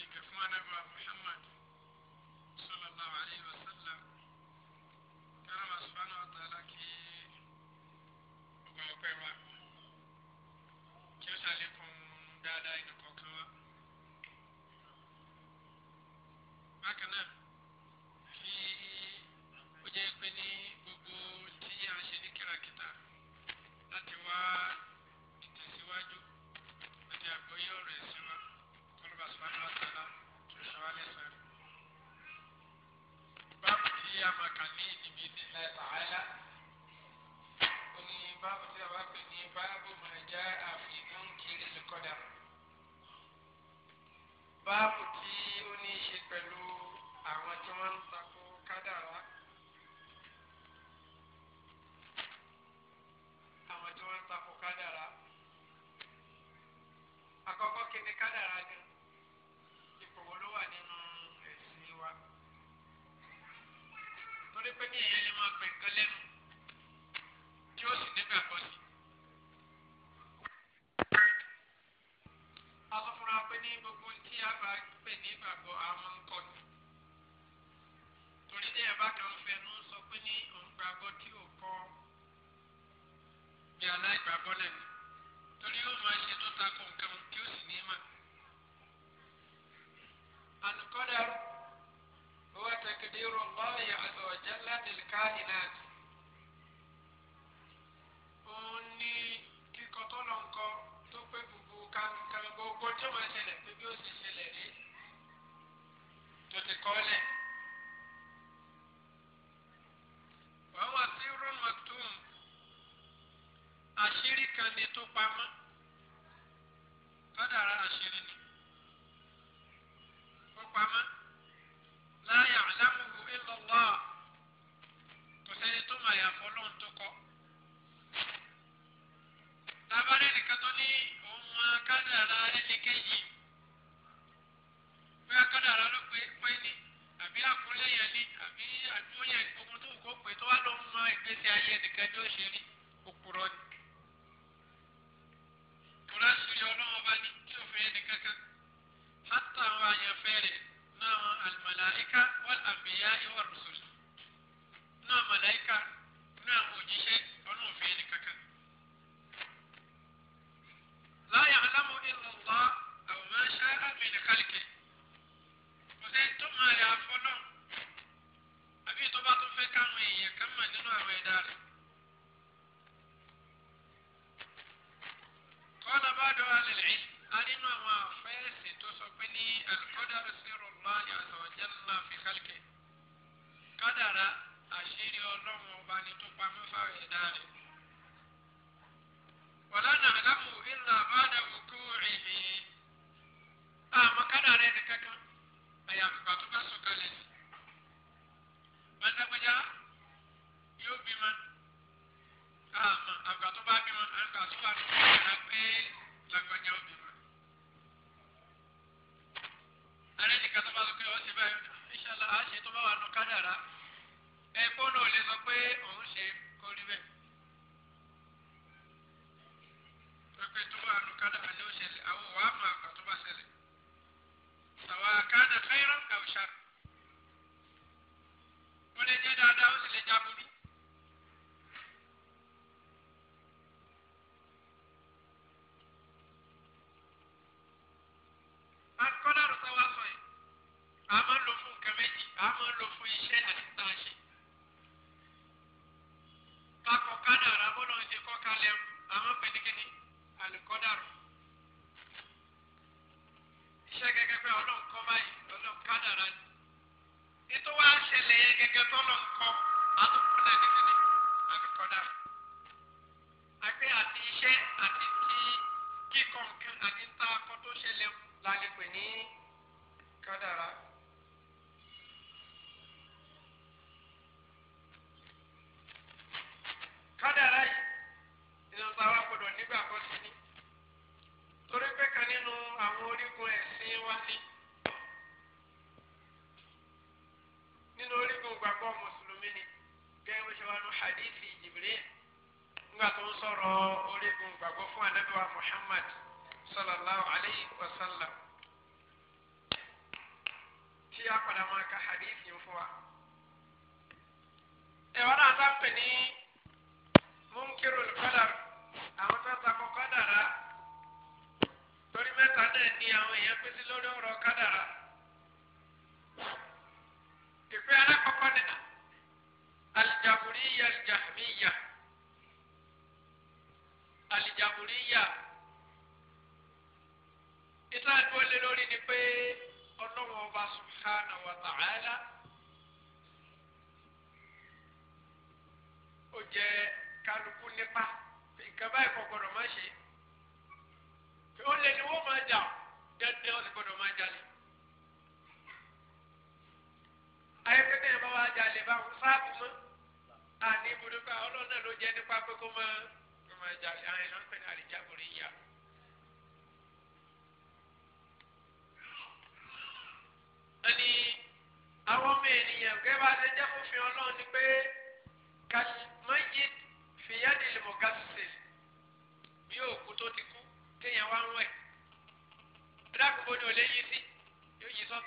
حديث محمد صلى الله عليه وسلم كان سبحانه وتعالى كي pé kí èèyàn lè máa gbẹ nǹkan lẹ́nu tí ó sì nígbàgbọ́ sí. a sọ fúnra pé ní gbogbo tí a bá pè ní ìgbàgbọ́ a máa ń kọ́ ni. torí tí ẹ bá kàn fẹnu sọ pé ní òun gbàgbọ́ tí ò kọ́ bí aláìgbàgbọ́ lẹ́nu torí yóò máa ṣe tó takò nǹkan tí ó sì ní mà. àlùkò dàrú. تقدير الله عز وجل للكائنات òun ni kíkọ tó lọ nkọ tó pé gbogbo kankan gbogbo tí ó máa ṣẹlẹ̀ pé bí ó sì ṣẹlẹ̀ rí tó ti kọ́ lẹ̀.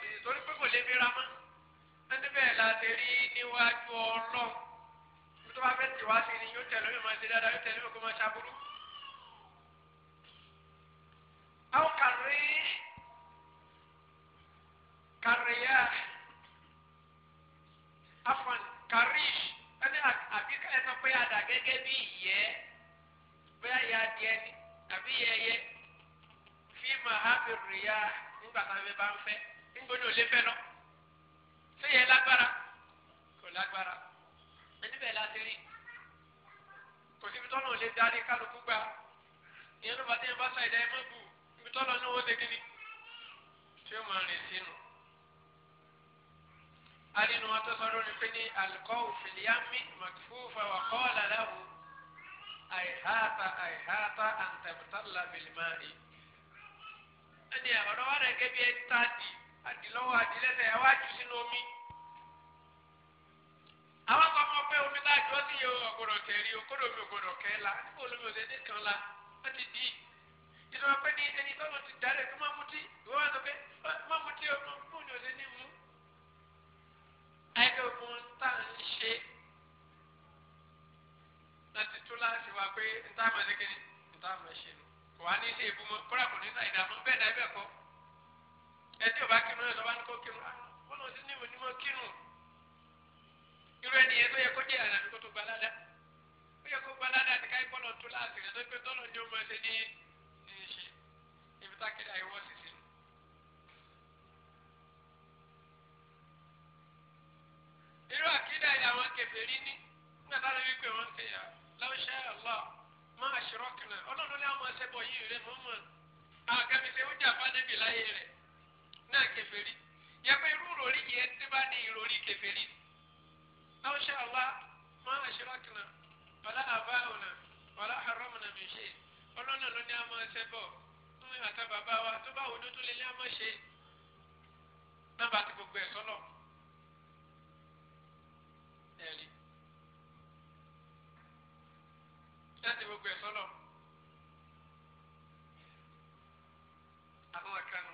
obìnrin torí pé kò lè bíra mọ́ ẹni bẹ́ẹ̀ la ti rí níwájú ọlọ́run tó bá fẹ́ tì wá sí ni yóò tẹ̀lé mi máa ṣe dáadáa yóò tẹ̀lé mi kó máa ṣàbúrú. bá sa ìdá ẹ má bù ibi tọ́lọ náà ó ṣe kí ni tí ó máa rìn sínú. alinu wọn tó sọ lórí pé ní alikọ́wù fìlíàmì màkìfúfà wà kọ́ọ̀lá láwù àìháàtà àìháàtà àǹtẹ̀mùtàlà bìlìmáì. ẹni ọ̀dọ́ wa rẹ̀ gẹ́gẹ́ bí ẹ ta di àdìlọ́wọ́ àdìlẹ́sẹ̀ ẹ wá jù sínú omi àwọn kan mọ pé omi láàjọ sí ọgbọdọ tẹrí o kódò mi ò gbọ́dọ̀ kẹ la àdúgbò lómi ò ìdí wọn pé ní ẹni tọ́lọ́ ti dálẹ̀ kó má mutí ìwọ́n wá sọ pé má mutí o mú ní òde ní mú. àìkẹ́ òkun tá à ń ṣe láti tó láti wá pé níta máa ṣe kíni níta máa ṣe nù. kò wá ní ilé ìbú mọ́ kóra kò ní ta ìdààmú bẹ́ẹ̀ náà ibẹ̀ kọ́. ẹ ò bá kírun náà lọ́wọ́ ní kó kírun ah, wọn ò sí ní ìwé onímọ̀ kírun. irú ẹni tó yẹ kó jẹ́ àlàbí kó tó gbalada ó yẹ kó gbalada àti káyọ̀ pọ́nà tó láti rẹ̀ tó pé tọ́lọ̀ ni ó máa ṣe ní ibi tákéde àìwọ́ sì sí. irú àkídà yìí àwọn kèfèrí ní nígbà tá a lè rí pé wọ́n ń ṣe yà law sha Allah ma ashrakna ọlọ́run ní àwọn ọ̀sẹ̀ bọ̀ yìí rẹ̀ mọ́ mọ́ àwọn kan fi ṣe oúnjẹ àbádẹ́bì láyé rẹ̀ náà kèfèrí yẹ pé irú ìròrí yẹn ti bá ní ìròrí kèfèrí law sha Allah ma ashrakna wala aba'una wala haramna min shay ọlọ́run ló ní àwọn ọ̀sẹ̀ bọ̀ fún ìhàtà bàbá wa tó bá òdodo lè lé àmọ́ ṣe nọ́mbà ti gbogbo ẹ̀ sọ́lọ̀ ẹ̀rí láti gbogbo ẹ̀ sọ́lọ̀ àwọn kan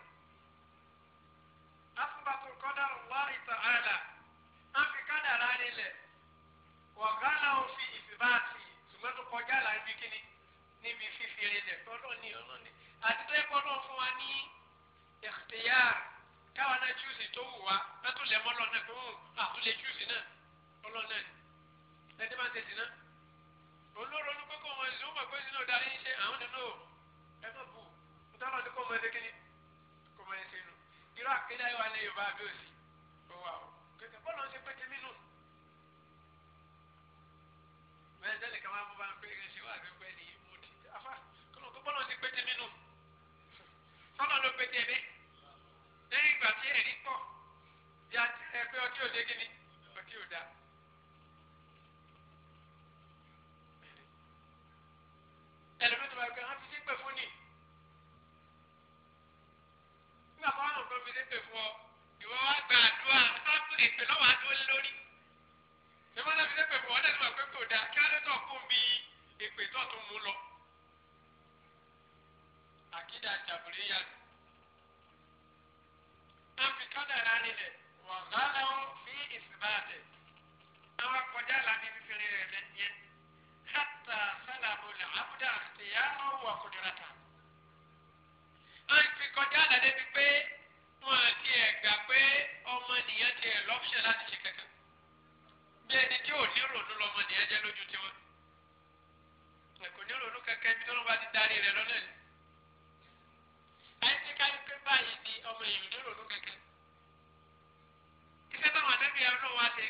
wá ṣe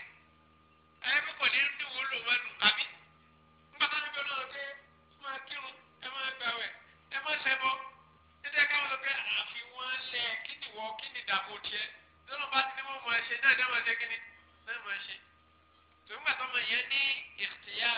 ẹ bí kò ní dùn ó lò wọn nù àbí nígbà tó ní bí olóòrò pé máa kírun ẹ máa gbàwẹ̀ ẹ máa ṣẹbọ níta káwọn sọ pé àfi ṣe kí ni wọ kí ni dàbò tiẹ̀ lọ́nà bá ti ní wọ́n máa ṣe náà dáwọn ṣe kí ni náà máa ṣe tòun gbà tó máa yẹ ní ìtìyà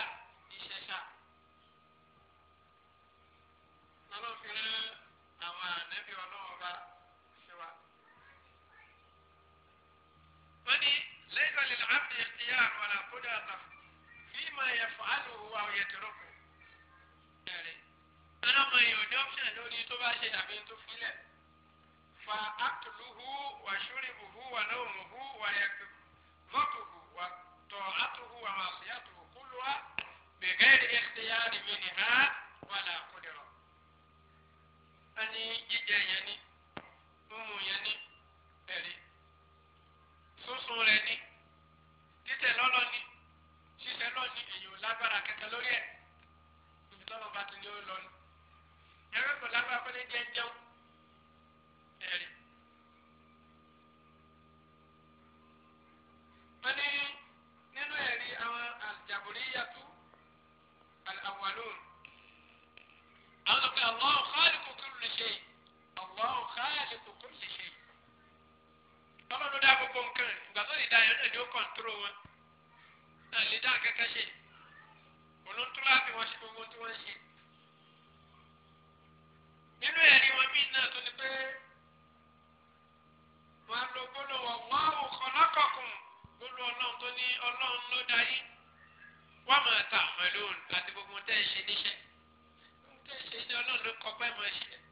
就是搞怪模式。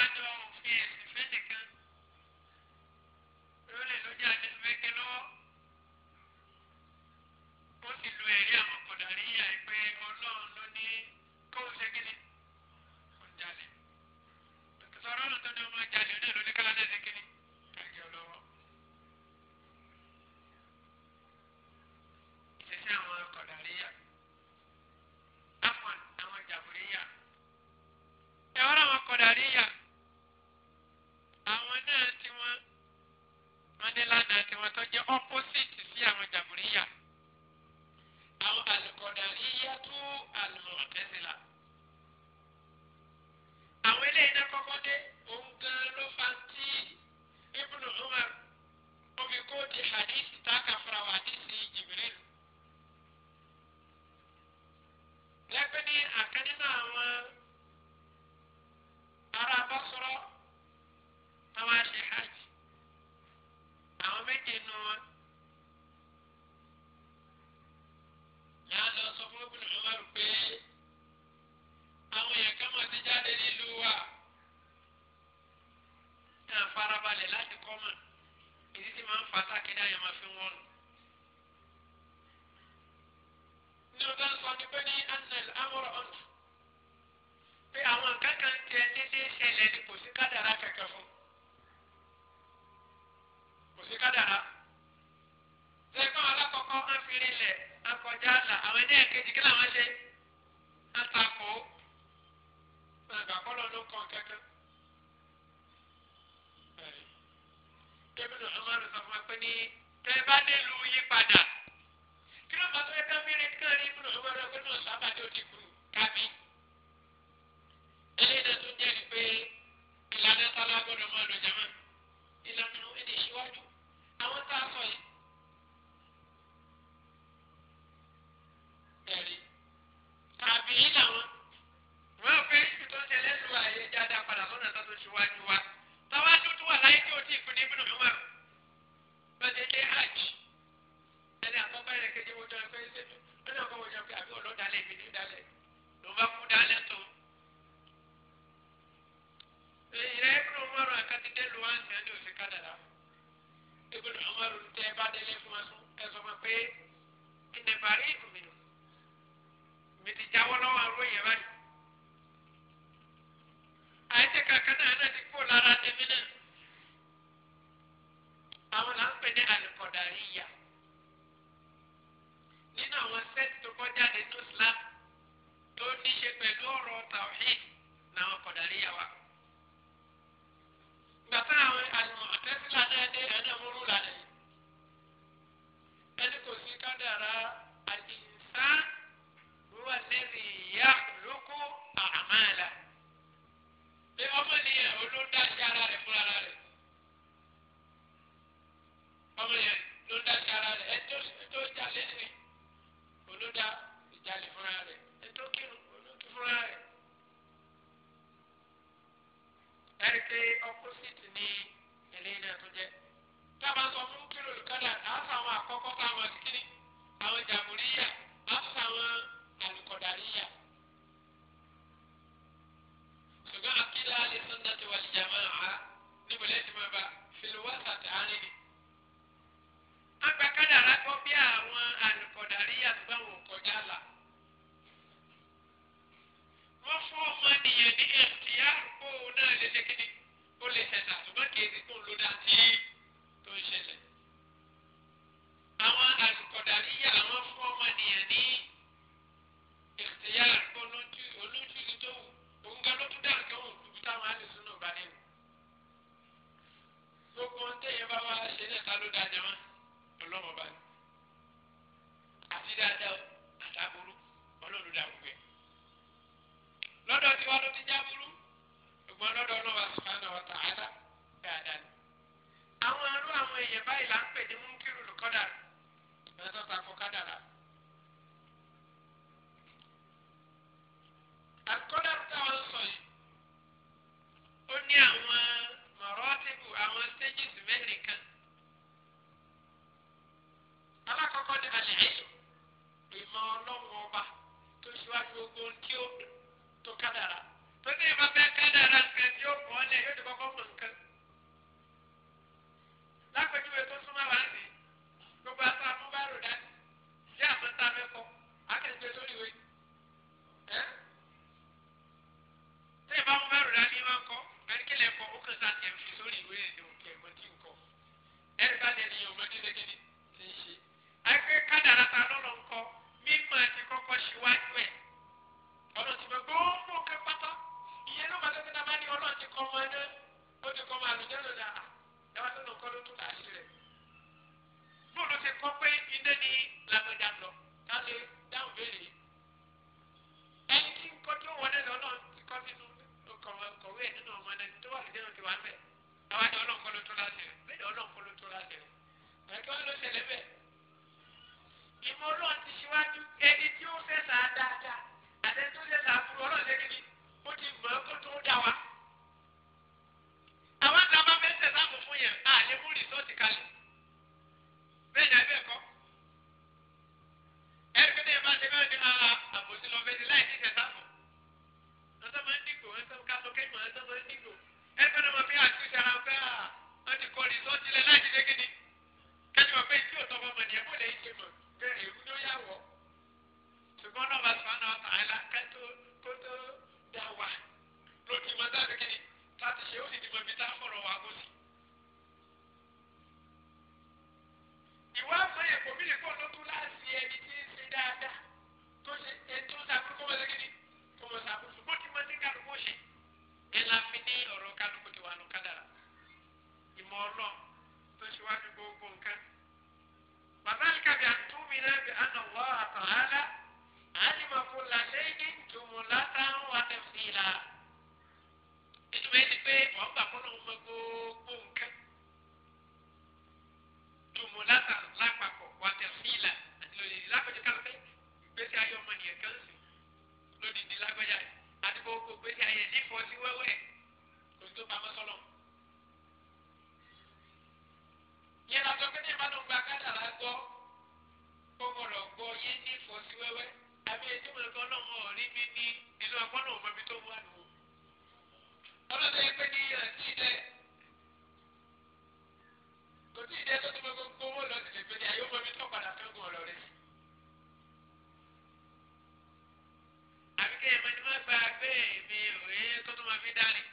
not yẹn ní ẹ̀fìyà kó o náà lè ṣe kíni ó lè ṣẹ̀ṣà ṣùgbọ́n kì tó ń lo dáa tí tó ń ṣẹlẹ̀. wá bẹ̀ àwa ni ọlọ́run kọ́ ló tó láti rẹ̀ bẹ́ẹ̀ ọlọ́run kọ́ ló tó láti rẹ̀ ẹ̀kẹ́ wọn ló ṣẹlẹ̀ bẹ́ẹ̀ ìmọ̀ ọlọ́run ti ṣíwájú ẹni tí ó fẹ́ sàá dáadáa àtẹ́tún lè sàá fún ọlọ́run lé Daddy.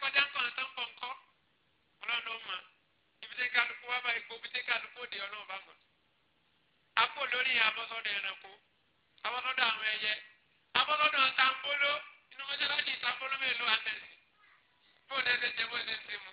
kọjá ńkọ àtàn kọ̀ǹkọ́ ọlọ́run ló mọ̀ ibi tí kálukú wá bá ipò ibi tí kálukú òde ọlọ́run bá mọ̀. àpò lórí abọ́sọ́dọ̀ ẹranko abọ́sọ́dọ̀ àwọn ẹyẹ abọ́sọ́dọ̀ tambolo inú mọ́ṣáláṣí tambolo mélòó àtẹ̀sí bóun ẹsẹ̀ jẹ́ bóun ẹsẹ̀ mu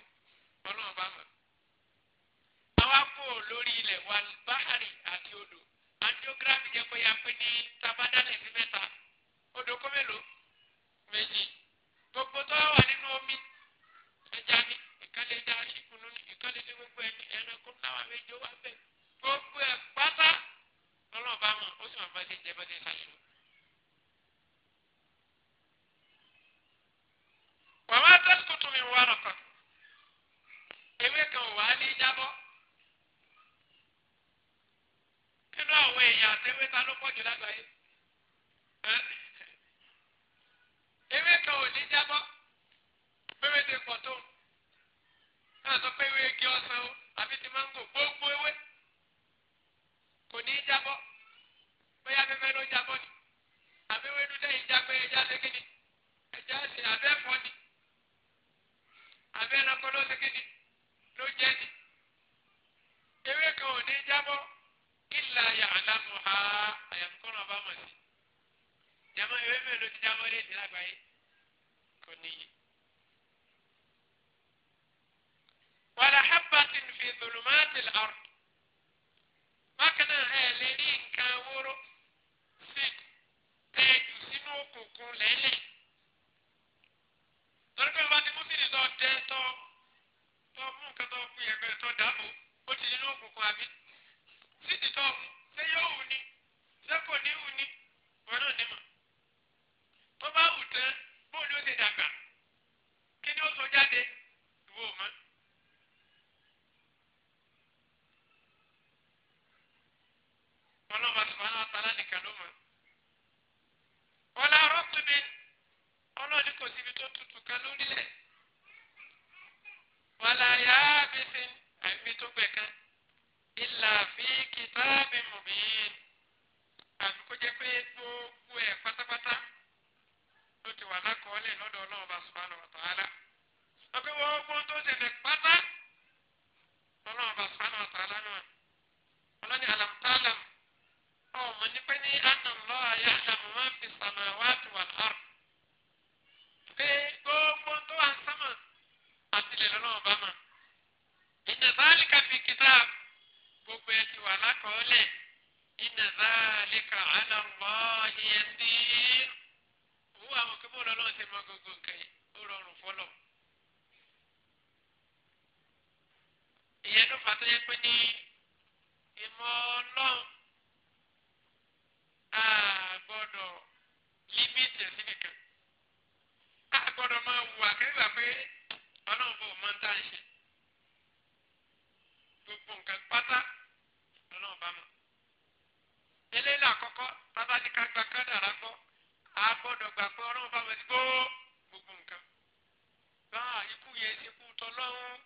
ní ẹsẹ̀ kú tọ́lọ́hún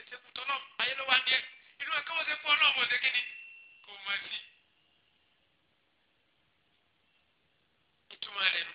ẹsẹ̀ kú tọ́lọ́hún ayé ló wá díẹ̀ inú ẹ̀ka wọ́n ṣe kú ọlọ́run ọ̀sẹ̀ kínní kò mọ̀ sí. ìtumọ̀ rẹ̀ nù.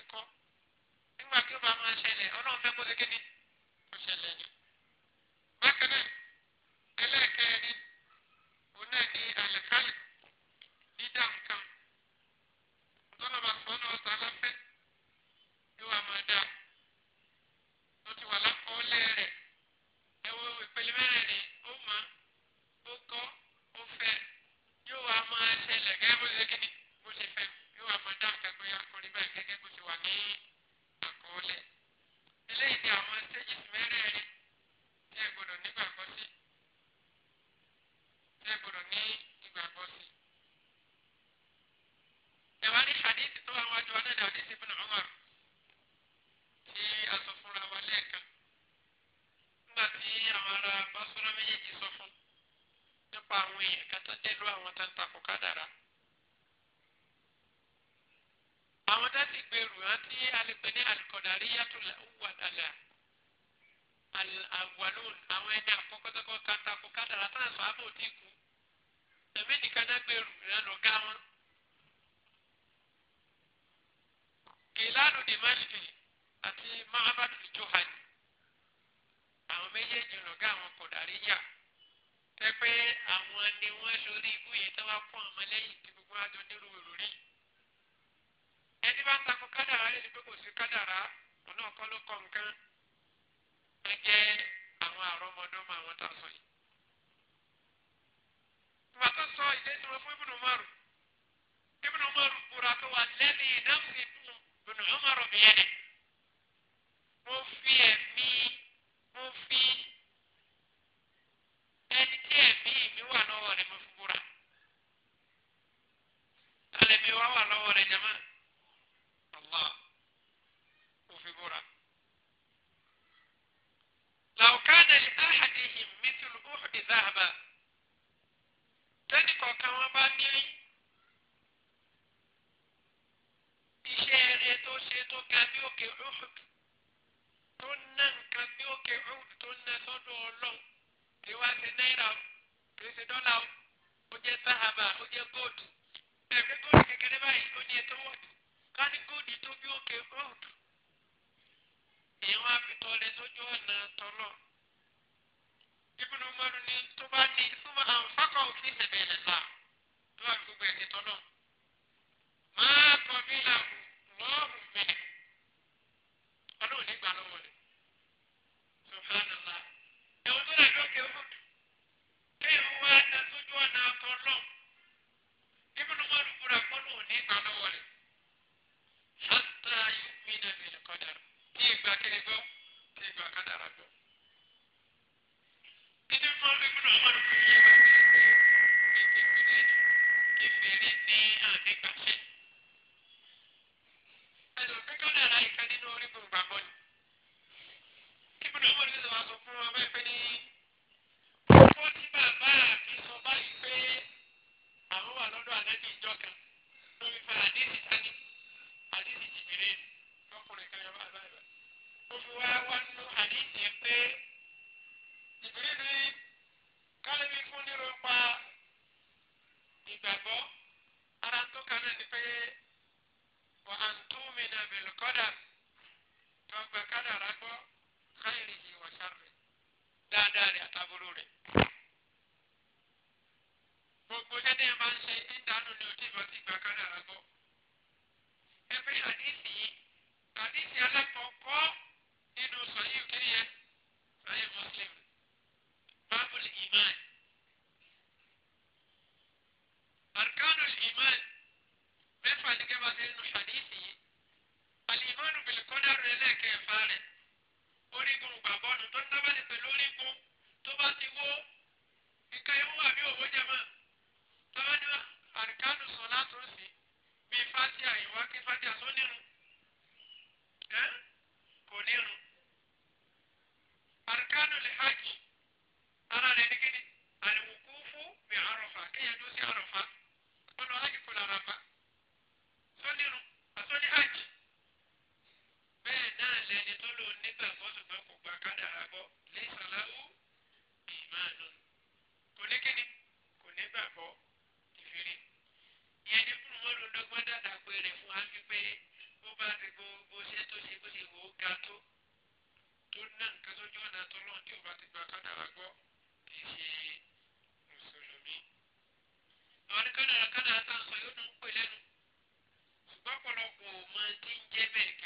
ti kọ́ nígbà tí ó bá máa ṣẹlẹ̀ ọlọ́run fẹ́ kó ṣe kí ni والذي نفس ابن عمر بيده وفي مي àti jìbìrì lọ́kùnrin kan yọ báyìí báyìí. ó fi wá wá nínú àdéhìí yẹn pé jìbìrì ní kálíbí fún nírò pa ìgbàgbọ́ ara tó kan náà ni pé wà á tó mi nà bẹ̀lú kọ́dà tó gba kádàrá gbọ́ káyìrì yìí wà sáré dáadáa rẹ̀ àtàbúrò rẹ̀ gbogbo jẹ́dẹ́ máa ń ṣe ìdánù ní ojú ìbọn tí ìgbà kan náà gbọ́ ẹgbẹ́ àdìsí yìí àdìsí alákọ̀ọ́kọ́ nínú sọ̀yìn kiri yẹn sọ̀yìn muslim bábùlì iman arkanu iman mẹ́fà ní kẹ́bà nínú àdìsí yìí alimanu bilikọ́dà rẹ̀ lẹ́ẹ̀kẹ́fà rẹ̀ orígun gbàgbọ́nu tó ń dábàá ní pẹ̀lú orígun tó bá ti wó nǹkan ewu àbí òwò jẹ mọ́ tọ́wọ́ ní àríkánu sọ látòsí bíi fatia ìwà kí fatia sọ nírun ẹ kò nírun arkanu lè hajj ara rẹ nìkíni àlùkùkù bí àròfà kéèyàn tó sí àròfà ọlọ hajj kò lára fa sọ nírun àsọ ní hajj bẹ́ẹ̀ náà lẹni tó lò nígbàgbọ́ ṣùgbọ́n kò gba kádàrá gbọ́ lẹ́sàlá ó ìmáà nù kò ní kò ní gbàgbọ́. rẹ̀ fún wa wípé bó bá ti gbogbo ṣe tó ṣe bó ṣe wò ó ga tó tó ná nǹkan sójú ọ̀nà tó lọ́n tí ò bá ti gba kádàrá gbọ́ kì í ṣe mùsùlùmí. àwọn ní kádàrá kádàrá tá sọ yóò ń pè lẹ́nu ṣùgbọ́n ọ̀pọ̀lọpọ̀ ò mọ tí ń jẹ́ bẹ́ẹ̀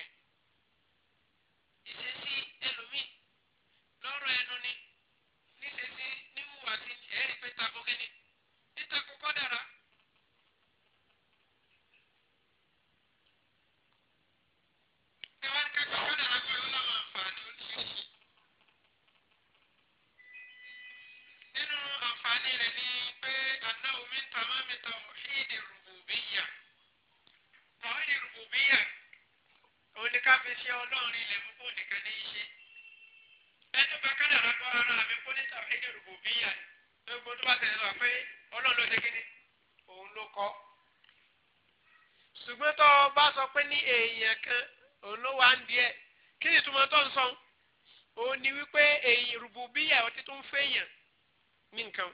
nìkan òun ló wà ń díẹ̀ kí ni túmọ̀ tó ń sọ òun ni wípé èyí rùbùbíyà ọtí tó ń fẹ́yàn ní nǹkan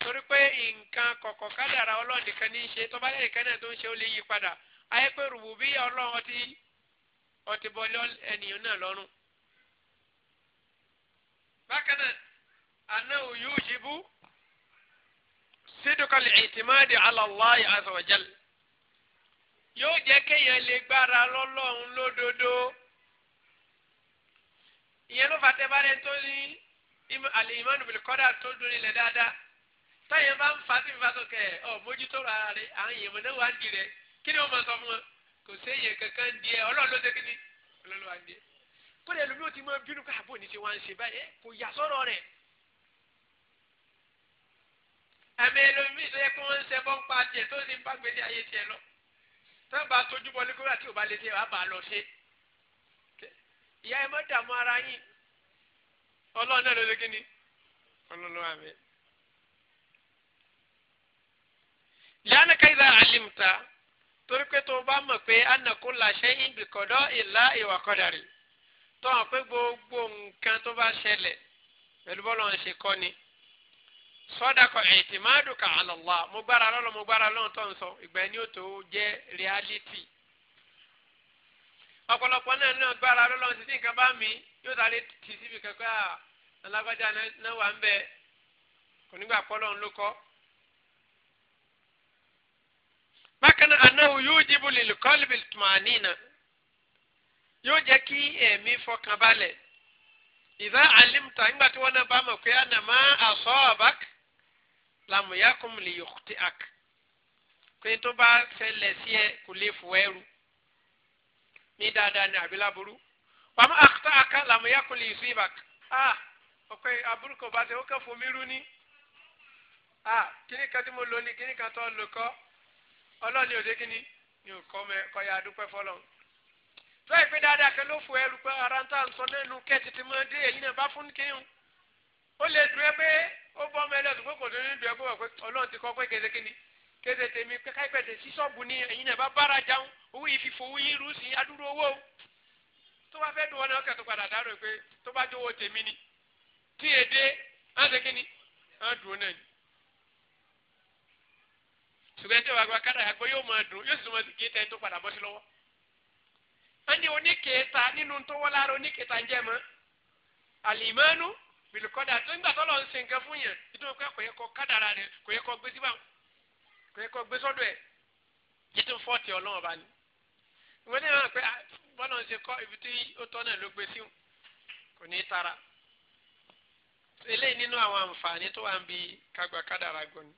torí pé nǹkan kọ̀kọ̀ kádàrà ọlọ́run nìkan ní í ṣe tó bá lẹ́yìn kan náà tó ń ṣe ó lè yí padà ayé pé rùbùbíyà ọlọ́run ọtí ọtí bọ́lẹ́ ènìyàn náà lọ́rùn. bákan náà àná òyìnbó sídùkọ̀lì ìtìmáàdì ala Allah azza yóò jẹ́ kéèyàn lè gbára lọ́lọ́run lódodo ìyẹn ló fà tẹ́bárẹ́ tó ní àlè ìmánu bìlì kọ́dà tó dún ilẹ̀ dáadáa táyẹn bá ń fa tí ń fa sókè ọ mójútó ra rẹ àwọn èèyàn mọ̀ náà wà ń di rẹ kí ni wọ́n máa sọ fún wọn kò séèyàn kankan di ẹ ọlọ́run ló ṣe kí ni ọlọ́run ló ń di ẹ kódà ẹlòmí ò ti máa bínú ká àbò níṣe wá ń ṣe báyìí kò yà sọ̀rọ̀ rẹ̀ àmì ẹlòmí tó yẹ kó wọ́n ń ṣe bọ́ tiẹ̀ tó ń ṣe bá gbèsè ayé tiẹ̀ lọ tẹ́ bá tójú bọ́ lẹ́kọ́ àti òbá létí wàá bá a lọ ṣe. ìyá ẹ má dààmú ara yín ọlọ́run náà ló lé kíni ọlọ́run àmì. lẹ́yìn káyidá alimta torí pé tó o bá mọ̀ pé anako làṣẹ ìbìkọ́dọ̀ ìlà ìwà kọ́dàrí tó hàn pé gbogbo nǹkan tó bá ṣẹlẹ̀ pẹ̀lú bọ́lọ̀ ń ṣe kọ́ ni sọdakọ ẹtìmádùkà àlọlá mo gbára lọlọ mo gbára lọhùn tó ń sọ ìgbà ẹni ó tó jẹ reality ọ̀pọ̀lọpọ̀ náà náà gbára lọlọ títí nǹkan bá mi yóò sáré tì síbi kankan à ah, alágbájá náà wà ń bẹ kò nígbà pọlọ ń ló kọ. bákan náà anáwó yóò jíbu lè kọ́lìbì tùmánìnà yóò jẹ́ kí ẹ̀mí fọkànbalẹ̀ ìdá alimta nígbà tí wọ́n náà bá mọ̀ pé ànàmá àsọ̀ ọ̀bàkì lamu yakum li yọkuti ak pé tó bá ṣẹlẹ̀ sí ẹ kò lè fò ẹrù ní dáadáa ní àbí yakum li ah ọ̀pẹ aburú kò bá ṣe ó kẹ́ fomi ni ah kíní kan tí mo lò ní kíní kan tó lò ni ọlọ́ọ̀ni òde kíní ni ò kọ́ mẹ kọ́ ya dúpẹ́ fọlọ́n tó ìpín dáadáa kan ló fò ẹrù pé ara ń tà ń sọ lẹ́nu mo dé èyí náà bá fún ó lè dùn ẹ pé ó bọ́ ọmọ ẹlẹ́dùn pé kò tó ní dùn ẹ pé wọ́n pé ọlọ́run ti kọ́ pé kéde kíni kéde tèmi káìpẹ̀tẹ̀ sí ṣọ́ọ̀bù ni ẹ̀yin náà bá bára jáun owó yìí fi fowó yín rú sí adúrú owó tó bá fẹ́ dùn wọn náà kẹ́tọ́ padà dárò pé tó bá jówó tèmi ni tí èdè á ṣe kíni á dùn náà ni ṣùgbọ́n tí wàá kára àgbọ̀ yóò máa dùn yóò sì máa kí tẹ́ tó padà bọ́ sí lọ́wọ́. wọ́n ní oníkèéta nínú tó oníkèéta ń jẹ́ mọ́ àlìmọ́nú bìlìkọ́dà tó ń gbà tó lọ ń sin nǹkan fún yẹn nítorí pé kò yẹ kó kádàrà rẹ kò yẹ kó gbé síbà kò yẹ kó gbé sọ́dọ̀ ẹ̀ yìí tó ń fọ́ọ̀tì ọlọ́run ọba ni. ìwé ní ìwọ̀n pé ah, bọ́lá ń ṣe kọ́ ibi tí ó tọ́ náà ló gbé sí kò ní í tara. eléyìí nínú àwọn àǹfààní tó wà ń bi kagbà kádàrà gbọ́ ni.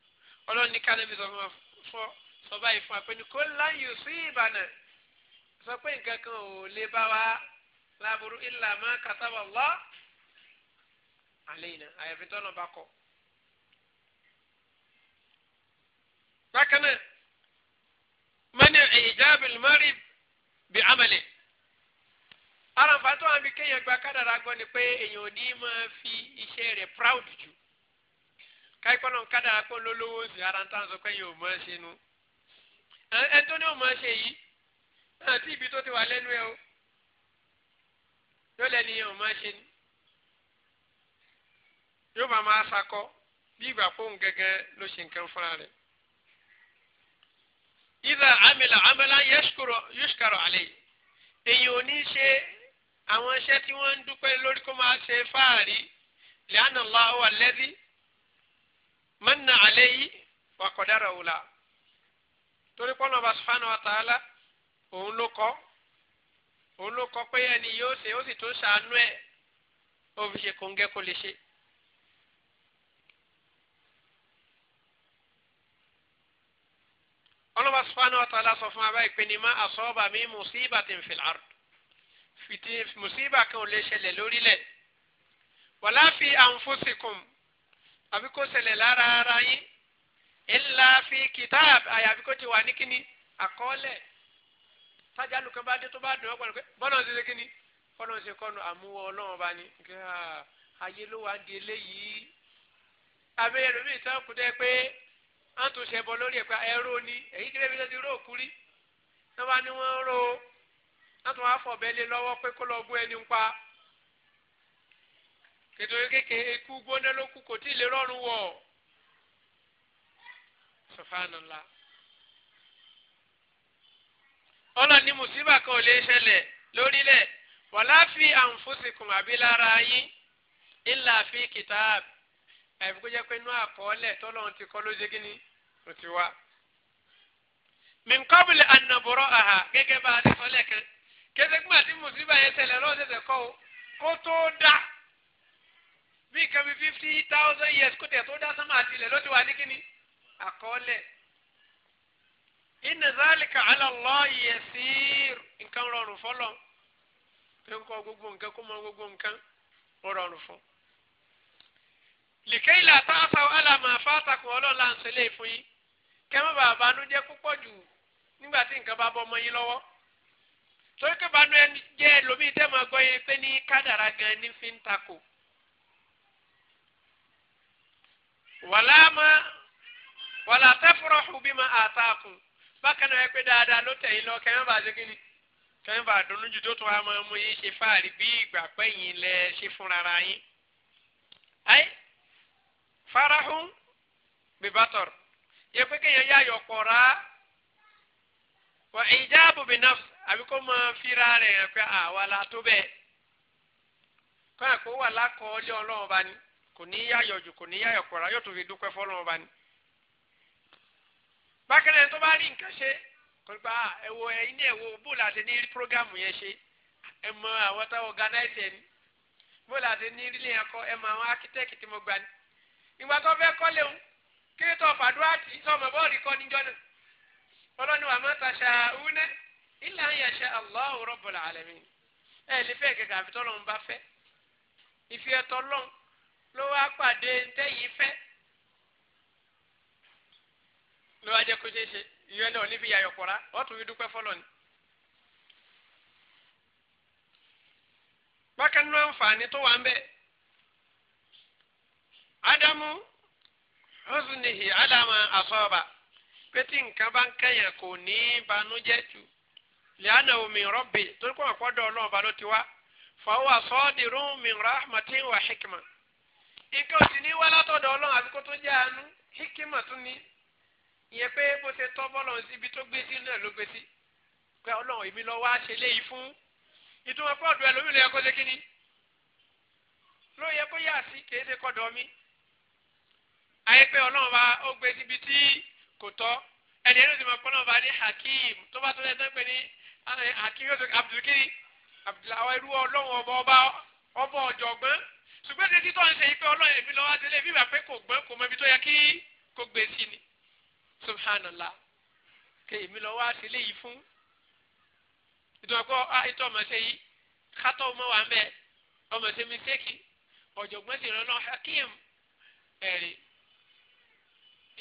ọlọ́run ní kánẹ́bí sọ fún fọ́ sọ báyìí fún apẹ́ni kó láyò sí ìbànà sọ pé nǹkan kan ò lè bá wa láburú ìlàmọ́ kàtàbọ̀ lọ́ọ́ àléyìn náà àyàfi tọ́nà bá kọ̀. bákan náà mani ìjáàbì lùmọ́rì bí amẹ̀lẹ̀ ara nfa tó àmì kéèyàn gba kádàrá gbọ́ ni pé èèyàn ní máa fi iṣẹ́ rẹ̀ proud jù káyipọ́nà kádàrá pé olólówó sí ara ń tán sọ pé èèyàn ò máa ṣe nu ẹ tó ní máa ṣe yìí àti ibi tó ti wà lẹ́nu ẹ o yóò lẹ́nu yẹn ò máa ṣe ni yóò bá máa sakọ bí ìgbà fóun gẹ́gẹ́ ló ṣe nǹkan fúnra rẹ̀. ìdá amẹ́lá amẹ́lá yẹ́sùkọ̀rọ̀ àlẹ́ èyàn ò ní ṣe àwọn iṣẹ́ tí wọ́n ń dúpẹ́ lórí kó máa ṣe fáàrí lẹ́hànà láwọ̀ lẹ́dí mọ́nà àlẹ́ yìí wà kọ̀dára òla torí pọ́nà bá sùfànà wa òun ló kọ́ òun ló kọ́ pé ẹni yóò ṣe ó sì tún ṣàánú ẹ̀ ó fi ṣe kóńgẹ́ kó lè ṣe. ọlọ́ba subhanahu wa ta'ala sọ fún abáyé pé ní má asọ́ba mi musibatin fil ard fìtí musiba kan ò lè ṣẹlẹ̀ lórílẹ̀ wala fi anfusikum àbí kó ṣẹlẹ̀ lára ara yín illa fi kitab àyàfi kó ti wà ní kíni àkọọ́lẹ̀ tájà lùkẹ́ bá dé tó bá dùn ọ́ pẹ̀lú pé bọ́nà ń ṣe kíni bọ́nà ń ṣe kọ́nu àmúwọ́ ọlọ́run bá ní kí ayé ló wà di eléyìí àbẹ́yẹ wọ́n tún ṣẹbọ lórí ẹ̀ pé ni èyí kí lẹ́bi tó ti ró òkú rí wọ́n bá ní wọ́n ró wọ́n tún wá fọ̀bẹ́ lé lọ́wọ́ pé kó lọ gún ẹni ń pa kẹtọ́rí kékeré ikú gbóná ló kú kò tí ì lè rọrùn wọ̀ subhanallah ọlọ́ni mùsíbà kan ò lè ṣẹlẹ̀ lórílẹ̀ wàlá fi àǹfóṣìkùn àbí lára yín ńlá fi kìtàb àìfikún jẹ́ pé inú àkọọ́lẹ̀ tọ́lọ́run ti kọ́ ló ṣe ni ó ti wá. min qabli an nabra'aha gẹ́gẹ́ bá a ti sọ lẹ́ẹ̀kan kẹsẹ̀gbọ́n àti mùsùlùmí àyẹ̀ tẹ̀lé lọ́sẹ̀sẹ̀ kọ́ o kó tó dá bí nǹkan bíi fifty thousand years kó tẹ̀ tó dá sánmà àti ilẹ̀ ló ti wà ní kíni àkọọ́lẹ̀. inna zalika ala Allahi yasir nǹkan rọrùn fọlọ́ pé ń gbogbo nǹkan kó gbogbo nǹkan rọrùn fún. lìkẹ́yìlá tá ala ma fatakum ọlọ́ọ̀la ń sẹlẹ̀ fún yín kẹ́mọ́ bàbá nu jẹ́ púpọ̀ jù nígbà tí nǹkan bá bọ́ ọmọ yín lọ́wọ́ torí pé bàbá nu jẹ́ lómii tẹ́ máa gbọ́ yẹn pé ní kádàrá gan ní fi ń takò. wàlá máa wàlá tẹ́fọ̀rọ̀ òbí máa àtàkùn bákan náà ẹ pé dáadáa ló tẹ̀yìn lọ kẹ́mọ́ bàá ṣe kíni kẹ́mọ́ bàá dùnú jù tó tún wá máa mú yín ṣe fáàrí bí ìgbà pẹ́ yín lẹ ṣe fúnra yín. ayé farahun bibator yẹ pé kéèyàn yá àyọ̀pọ̀ rà á wà ìjáàbù àbí kó máa fira rẹ̀ hàn pé àwa la tó bẹ́ẹ̀ kọ́ ẹ̀ wà lákọọ́lẹ̀ ọlọ́run bá ní kò ní yá àyọ̀jù kò ní yá àyọ̀pọ̀ yóò tó fi dúpẹ́ fọlọ́run bá ní. bákẹ́lẹ́ tó bá rí nǹkan ṣe kò ẹ̀wọ̀ ẹ̀yin ní ẹ̀wọ̀ bó la ní prógámù yẹn ṣe ẹ̀ mọ àwọn bó ní ilé ẹ̀ mọ àwọn tí mo gbà ní. ìgbà tó fẹ́ kéétọ̀ fàdúrà tì í sọmọ bọ́ọ̀lù kọ́ níjọ́ náà ọlọ́ni wa ma tasha'una illa an yasha Allahu rabbul alamin ẹ lè fẹ́ kẹ̀kẹ́ àfi ń bá fẹ́ ìfi ẹ̀tọ́ lọ́n ló wá pàdé ntẹ́yìí fẹ́ ló wá jẹ́ kó ṣe náà níbi wọ́n tún fi dúpẹ́ fọlọ́ ni. àǹfààní tó husnihi alama asaba pété nǹkan bá ń kẹyàn kò ní banújẹ́ jù lẹ́yìn omi rọ́bì tó kọ́ àpọ́dọ̀ ọlọ́run ba ló ti wá fọwọ́ sọ́ọ́dìrún min rahmatin wa hikma nǹkan ò sì ní wá látọ̀dọ̀ ọlọ́run àti kó tó jẹ́ àánú hikima tún ní ìyẹn pé bó ṣe tọ́ bọ́lọ̀ sí ibi tó gbé sí náà ló gbé sí pé ọlọ́run èmi lọ wá ṣe léyìí fún ìtumọ̀ pọ́ọ̀dù ẹlòmíràn yẹ kó ṣe kíni ló yẹ kó yà sí kèé ṣe kọ́dọ̀ mi ayé pé ọlọ́run bá ó gbé síbi tí kò tọ́ ẹni ẹni ó sì mọ̀ pé ọlọ́run bá ní hakeem tó bá tó lẹ́tọ́ pé ní hakeem yóò tó abdulkiri abdulawa irú ọlọ́run ọba ọba ọba ọ̀jọ̀gbọ́n ṣùgbọ́n ṣe títọ́ ń ṣe yí pé ọlọ́run èmi lọ́wọ́ délé bí bàbá kò gbọ́n kò mọ ibi tó yẹ kí kò gbé sí ni subhanallah kè èmi lọ́wọ́ àtìlẹ́ yìí fún ìdọ̀kọ́ àìtọ́ ọmọ yìí kátó ọmọ wa mẹ́ ọmọ ṣe mi ṣéèkì ọ̀jọ̀gbọ́n sì rán náà hakeem ẹ̀rí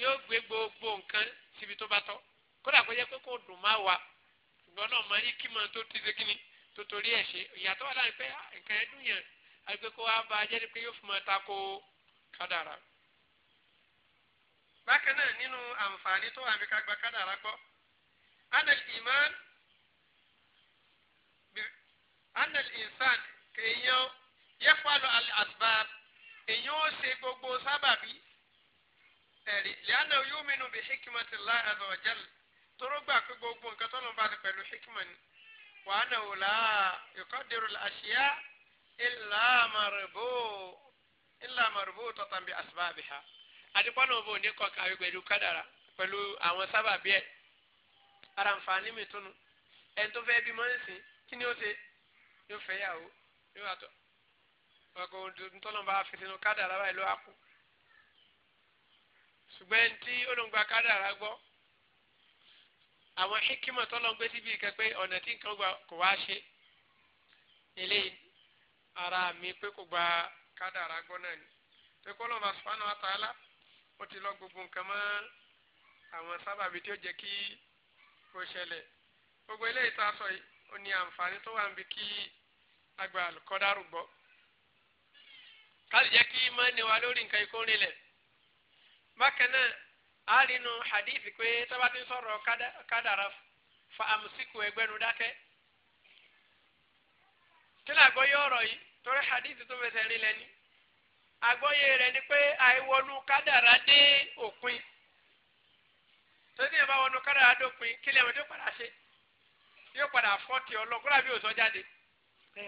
yóò gbé gbogbo nǹkan síbi tó bá tọ́ kódà kó jẹ́ pé kó dùn má wa ìgbọ́n náà mọ ikí mọ tó ti ṣe kíni tó torí ẹ̀ ṣe ìyàtọ̀ wà láàrin pé ah, nǹkan ẹ̀ dùn yàn àgbé kó wá ba jẹ́ pé yóò fi mọ ta ko kádàrà. bákan náà nínú àǹfààní tó wà ní kagbà kádàrà gbọ́ anal iman anal insan èèyàn yẹ́pọ̀ àlọ́ àlùbáàbù èèyàn ó ṣe gbogbo sábàbí ẹ̀rí lẹ́yìn náà yóò mẹ́nu bí hikima ti láì azza wa jalla tóró gbà pé gbogbo nǹkan tọ́lọ́ bá ti pẹ̀lú hikima ni wàá náà wò láà yuqaddiru al-ashya illa marbu illa marbu tọ́tàn bí asbabiha àdìpọ́nà òbò ní kọ̀ọ̀kan àbí pẹ̀lú kádàrà pẹ̀lú àwọn sábàbí ẹ̀ ara nfààní mi tunu ẹni tó fẹ́ bí mọ́ nísìn kí ni ó ṣe yóò fẹ́ yàwó yóò wà tọ̀ ọkọ̀ ntọ́nà bá fi sínú kádàrà báyìí ló wá kú ṣùgbọ́n ẹni tí olóńgbà kádàrá gbọ́ àwọn hikima tọ́lọ́ngbé síbi kẹ́pẹ́ ọ̀nà tí nǹkan gbà kò wá ṣe eléyìí ara mi pé kò gba kádàrá gbọ́ náà ni pé kọ́ lọ́ba sùpánù àtàlà ó ti lọ gbogbo nǹkan mọ́ àwọn sábàbí tí ó jẹ́ kí ó ṣẹlẹ̀ gbogbo eléyìí tá a sọ yìí ó ní àǹfààní tó wà níbi kí àgbà kọ́dárù gbọ́ ká lè jẹ́ kí mọ́ni wa lórí nǹkan ikú rinlẹ̀ makana náà a hadithi pé tó bá ti ń fa àmùsíkù ẹgbẹ́nu dákẹ́ kí ni àgbọ́yé ọ̀rọ̀ yìí hadithi tó fẹsẹ̀ rí lẹ́ni àgbọ́yé rẹ̀ ni pé àìwọnú kádàrá dé òpin tòtí yẹn bá wọnú kádàrá dé òpin kí lè wọ́n tó padà ṣe yóò padà fọ́ ti ọlọ́kùnrin àbí òsọ jáde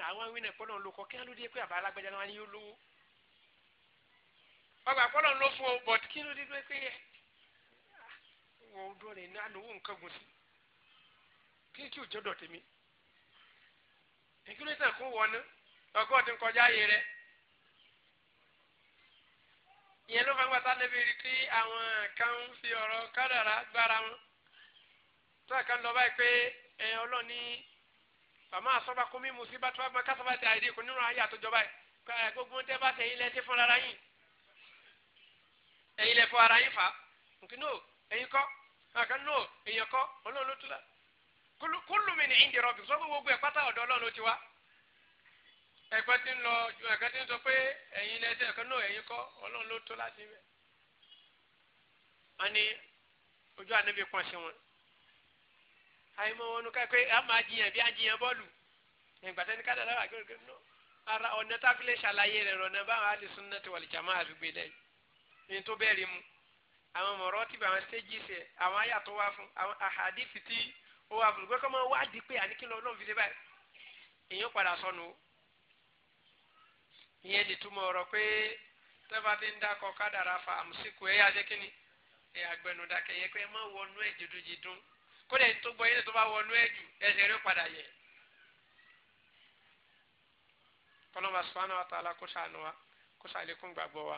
àwọn awínà ìpọ́nà olùkọ́ kí wọ́n ló dé pé àbá alágbèjà náà yóò lówó ọgbà kọ́lọ̀ ló fún ọ bọ̀dì kí ló dé pé pé ah, yẹ wọn ò dúró ní ní ànáwó nǹkan gùn sí kí kí òjò dọ̀tí mi ìkílódé tàn kó wọnú ọgọ́ ọ̀dún kọjá yé rẹ ìyẹn ló fẹ́ gbàtà lẹ́bi rí kí àwọn kan ń fi ọ̀rọ̀ kádàrá gbára wọn tó àkàn lọ báyìí pé ẹ ọlọ́ọ̀ni bàmá àsọ́bà kó mímu sí bá tó bá kásọ̀bà tẹ àìdí kò nínú ayé àtọ́jọba yìí gbogbo ń tẹ́ bá tẹ̀yìn lẹ́sẹ̀ fúnra yìí ẹ̀yin lẹ fọ ara yín fa nǹkan no ẹ̀yin kọ́ nǹkan no ẹ̀yin kọ́ ọlọ́run ló tún la kúlù mi ní ìdí rọ̀bì sọ́kò gbogbo ẹ̀ pátá ọ̀dọ̀ ọlọ́run ló ti wá ẹ̀kọ́ ti ń lọ ju ẹ̀kọ́ ti ń sọ pé ẹ̀yin lẹ́sẹ̀ ẹ̀kọ́ no ẹ̀yin kọ́ ọlọ́run ló tún láti bẹ̀ wọ́n ní ojú ànábì pọ̀ sí wọn àyìnbó wọn ká pé a máa jiyàn bí a jiyàn bọ́ọ̀lù ìgbà tẹ́ni ká dára wà kí ọ̀nà tá a fi lè ṣàlàyé rẹ̀ rọ̀ náà báwọn alìsùn náà ti wà lè jàmáà àdúgbò ní tó bẹ́ẹ̀ rí mu àwọn mọ̀rọ́ tí bá àwọn stéjì ṣe àwọn àyà tó wá fún àwọn àhàdìsì tí ó wá fún gbẹ́kọ́ máa wádìí pé àníkìlọ̀ ọlọ́run fi ṣe báyìí èèyàn padà sọnù o ìyẹn lè túmọ̀ ọ̀rọ̀ pé tẹ́fà ti ń dákọ̀ kádàrà fa àmùsíkù ẹ̀yà ṣé kínní ẹ̀ àgbẹ̀nù dákẹ́ yẹ pé ẹ má wọnú ẹ̀ jùdùjìdùn kódà tó gbọ́ yẹn tó bá wọnú ẹ̀ jù ẹsẹ̀ rẹ̀ padà yẹ. kọ́lọ́mà subhanahu wa ta'ala kó ṣàánú wa kó ṣàlékún gbàgbọ́ wa.